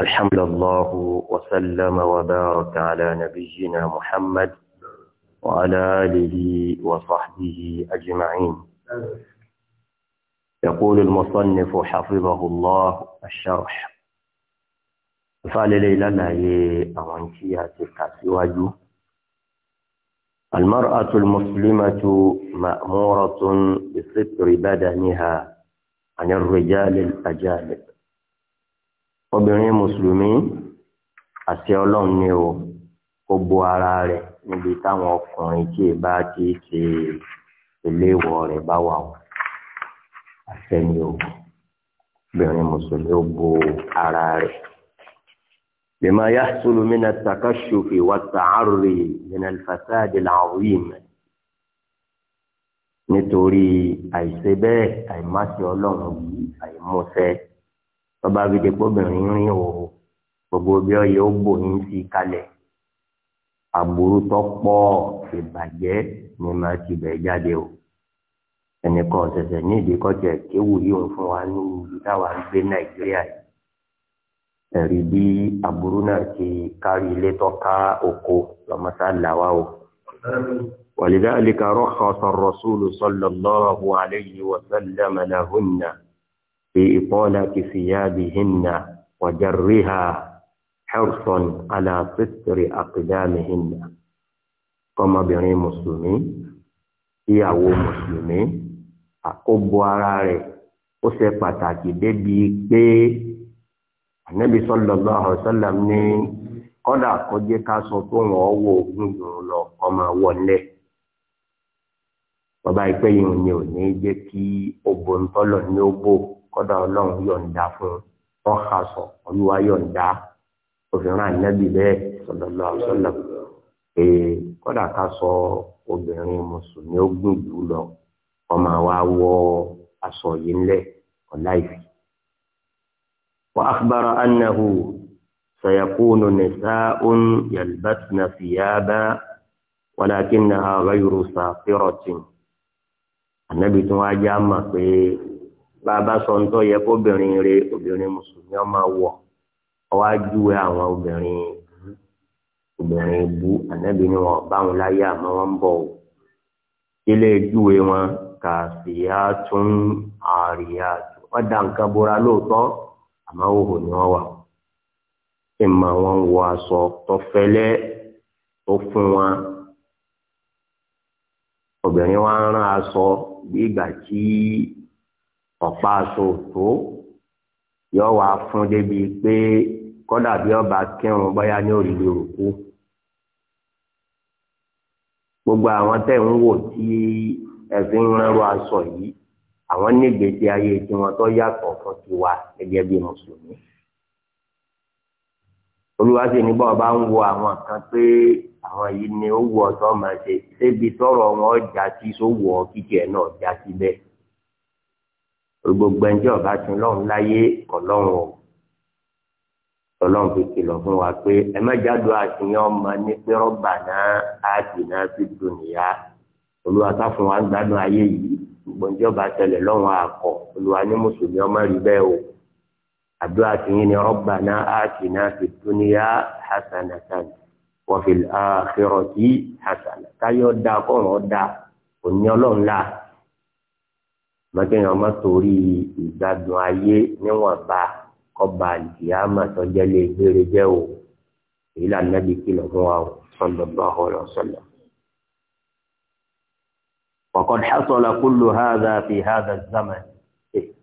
الحمد لله وسلم وبارك على نبينا محمد وعلى آله وصحبه أجمعين يقول المصنف حفظه الله الشرح فعل ليلة لا يأوانتيا تكاسواجو المرأة المسلمة مأمورة بستر بدنها àní rẹjálẹ àjálẹ obìnrin mùsùlùmí àti ọlọ́run ni o kó bo ara rẹ̀ níbi táwọn ọkùnrin tí ì bá ti ṣe iléèwọ̀ rẹ̀ bá wà o àfẹni o obìnrin mùsùlùmí ó bo ara rẹ̀ lèmọ yá sùlùmí na takashufi wa ta'arri min al-fasad al-azim nítorí àìṣe bẹ́ẹ̀ àìmáṣe ọlọ́run yìí àìmọ́ṣẹ́ tọ́ba fìdí rìn o gbogbo bí ọyẹ ó bò ní sí kalẹ̀ aburú tó pọ̀ ìbàjẹ́ ni màá ti bẹ̀ jáde o ẹnìkan ṣẹ̀ṣẹ̀ ní ìdíkọ́tẹ̀ kéwù yìí òun fún wa ní ìlú táwa ń gbé nàìjíríà yìí ẹ̀rí bí aburú náà ti kárí ilé tó ká oko lọ́mọ́sá làwa o. ولذلك رخص الرسول صلى الله عليه وسلم لهن في إطالة ثيابهن وجرها حرصا على ستر أقدامهن ọmọbìnrin mùsùlùmí ìyàwó mùsùlùmí àkóbọ ara rẹ̀ ó ṣe pàtàkì débi pé ànábì sallallahu alaihi wasallam ní kódà kó jẹ́ ká sọ tó wọn wọ ogún jù lọ ọmọ wọlé bọ́bá ìpẹ́ yìí ni ò ní jẹ́ kí obo ńtọ́lọ̀ ní obo kọ́dà ọlọ́run yọ̀ǹda fún ọ̀hásọ̀ olúwa yọ̀ǹda òfin ànábì bẹ́ẹ̀ sallallahu alaihi wasallam kọ́dà ká sọ obìnrin mùsùlùmí ó gùn jù lọ ọmọ wa wọ aṣọ yìí ńlẹ̀ ọ̀láìfì. wa akhbara annahu sayakunu nisa'un yalbasna thiyaba walakinaha ghayru saqiratin ànábì tí wọ́n á já mà pé bá a bá sọ nítọ́ yẹ kóbìnrin rẹ obìnrin mùsùlùmí ọmọ wọ̀ ọwọ́ ajúwe àwọn obìnrin obìnrin bú ànábì ni wọ́n báwọn láyé àmọ́ wọ́n ń bọ̀ o ilé ìjúwe wọn kà sí á tún àríyá wọ́n da nǹkan bora lóòótọ́ àmọ́ òhò ni wọ́n wà ìmọ̀ wọn wọ aṣọ tó tó fún wọn obìnrin wa rán aṣọ bí ìgbà tí ọ̀pá aṣọ tó yọ wá fún débi pé kọ́dà bí ọba kírun bóyá ní òrìlè òkú gbogbo àwọn tẹ̀ ń wò tí ẹ̀fín ránró aṣọ yìí àwọn nígbèsè ayé tiwọn tó yàtọ̀ fún tiwa gẹ́gẹ́ bí mùsùlùmí olúwa sì ní bọ́ọ̀ bá ń wo àwọn kan pé àwọn yìí ni ó wù ọ̀tọ́ máa ṣe ṣébi tọrọ wọn já sí sówù ọ kíkì ẹ̀ náà já sí bẹ́ẹ̀ gbogbo ẹjọ́ ọba tún lọ́run láyé ọlọ́run o ọlọ́run fi kìlọ̀ fún wa pé ẹ má jáde àṣeyàn ọmọ ní pé rọ́bà náà á sì náà fi dùn níyà olúwa fún wa ń gbádùn ayé yìí gbogbo ẹjọ́ ọba tẹlẹ̀ lọ́run àkọ́ olúwa ní mùsùlùmí ọmọ rí bẹ́ẹ̀ o àdúrà tìyín ni rabbana atina fid dunya hasanatan wa fil akhirati hasanatan káyọ̀ da kọ̀rọ̀ da òní ọlọ́run la mọ́tẹ́yìn ọmọ torí ìgbádùn ayé níwọ̀nba kọba ìyáàmà tọ́jẹ́ lé gbére jẹ́ o èyí là nàbí kìlọ̀ fún wa o sallallahu alaihi wasallam. wa qad hasala kullu hadha fi hadha az-zaman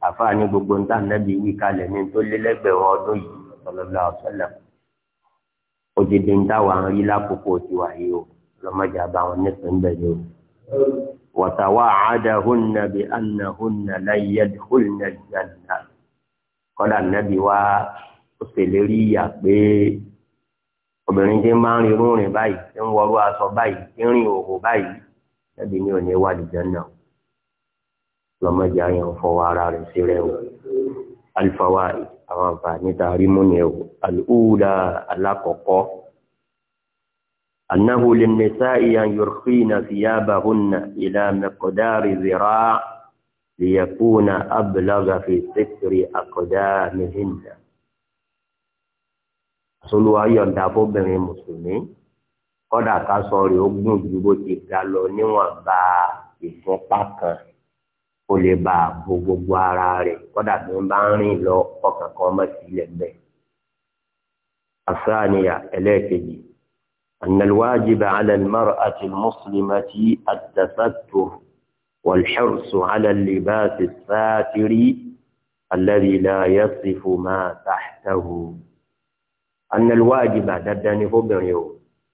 àfáà ní gbogbo nta nàbí wí kalẹ̀ ní tó lé lẹ́gbẹ̀rún ọdún yìí sọlọ́lá ọ̀sọ́lá òdìdí nta wà ń rí lákòókò tiwa yìí o lọ́mọdé àbá wọn ń bẹ̀rẹ̀ o. wàtàwá àádáhùn bí anahùn láyé hùn nàìjíríà kọ́dà nàbí wa ó ṣèlérí yà pé obìnrin tí ń máa ń rin irú rìn báyìí tí ń wọrú aṣọ báyìí tí ń rìn òhò báyìí nàbí ni ò lọ́mọdé àyàn fọwọ́ ara rẹ̀ sí rẹ̀ o alifawa àwọn àǹfààní tá a rí mú ni o alùúdà alákọ̀ọ́kọ́ annahu linnisa'i an yurkhina thiyabahunna ila miqdari zira' liyakuna ablagha fi sitri aqdamihinna soluwa yọ̀ǹda fóbìnrin mùsùlùmí kọ́dà ká sọ rè ó ti ga lọ níwọ̀n ìfúnpá kan kó lè bá a bo gbogbo ara rẹ̀ kódà bí wọ́n bá ń rìn lọ ọkàn kan mọ̀ sílẹ̀ bẹ́ẹ̀. الثانية إليكي أن الواجب على المرأة المسلمة التستر والحرص على اللباس الساتر الذي لا يصف ما تحته أن الواجب ددني فبريو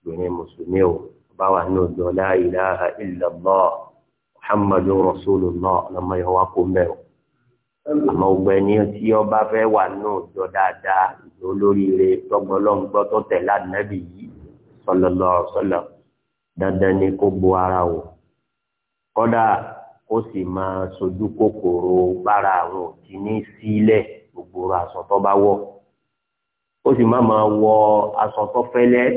بني مسلميو بوا لا إله إلا الله محمد رسول الله لما wá kó mbẹ o àmọ́ ọgbẹ ni tí ọba fẹ́ wà náà jọ dáadáa ìjọ olóríire tọgbọlọgbọ tó tẹ̀lé ànábì yìí sọlọlọ sọlọ dandan ni kó bo ara o kódà ó sì máa sojú kòkòrò bára àwọn òtí ní sílẹ̀ gbogbo aṣọ tó bá wọ̀ ó sì máa máa wọ aṣọ tó fẹ́lẹ́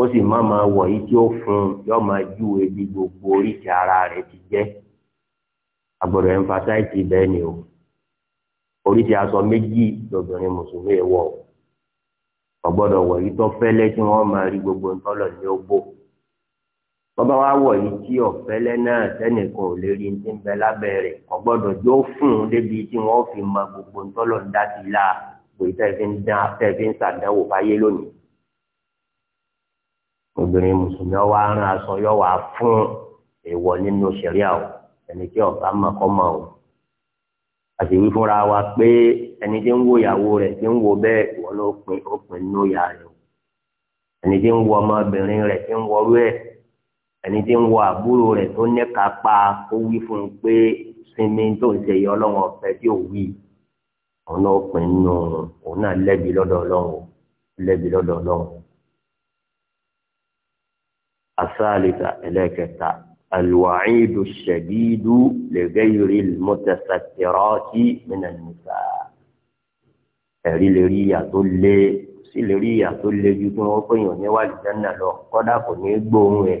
ó sì má máa wọ̀ yìí tí ó fún un yóò máa júwe bí gbogbo oríṣi ara rẹ̀ ti jẹ́ agbọ̀dọ̀ ẹnfàsáìtì bẹ́ẹ̀ ni o oríṣi aṣọ méjì lọ́bìnrin mùsùlùmí ẹ̀ wọ̀ ọ̀gbọ́dọ̀ wọ̀ yìí tó fẹ́lẹ́ tí wọ́n máa rí gbogbo ntọ́lọ̀ ní ogbó bọ́bá wa wọ̀ yìí tí ọ̀fẹ́lẹ́ náà sẹ́nìkan ò lè rí ní bẹ lábẹ́ rẹ̀ ọ̀gbọ́dọ̀ yóò fún un débi tí wọ́n fi mọ gbogbo ntọ́lọ̀ ń dá sí i pé tẹ́ fi ń sàdánwò fáyé lónìí obìnrin mùsùlùmí ọwọ́ arán aṣọ yóò wá fún èèwọ̀ nínú ṣẹ̀ríà o ẹni tí ọ̀gá mọ̀ kọ́ mọ̀ o àti wí fúnra wa pé ẹni tí ń wo ìyàwó rẹ̀ tí ń wo bẹ́ẹ̀ ìwọ ló pin ó pin nínú ìyá rẹ̀ o ẹni tí ń wo ọmọbìnrin rẹ̀ tí ń wọrú ẹ̀ ẹni tí ń wo àbúrò rẹ̀ tó nẹ́kápá ó wí fún un pé sinmi tó ń ṣe yọ ọlọ́run ọ̀fẹ́ tí ò wí òun náà pin nínú òun náà lẹ́bi lọ́dọ̀ ọlọ́run lẹ́bi lọ́dọ̀ ọlọ́run. الثالثة إليك الوعيد الشديد لغير المتسترات من النساء ẹ̀rí lè rí ìyà tó lé sí lè rí ìyà tó lé ju tí wọ́n pèèyàn níwájú jẹ́nà lọ kọ́dà kò ní gbóhùn ẹ̀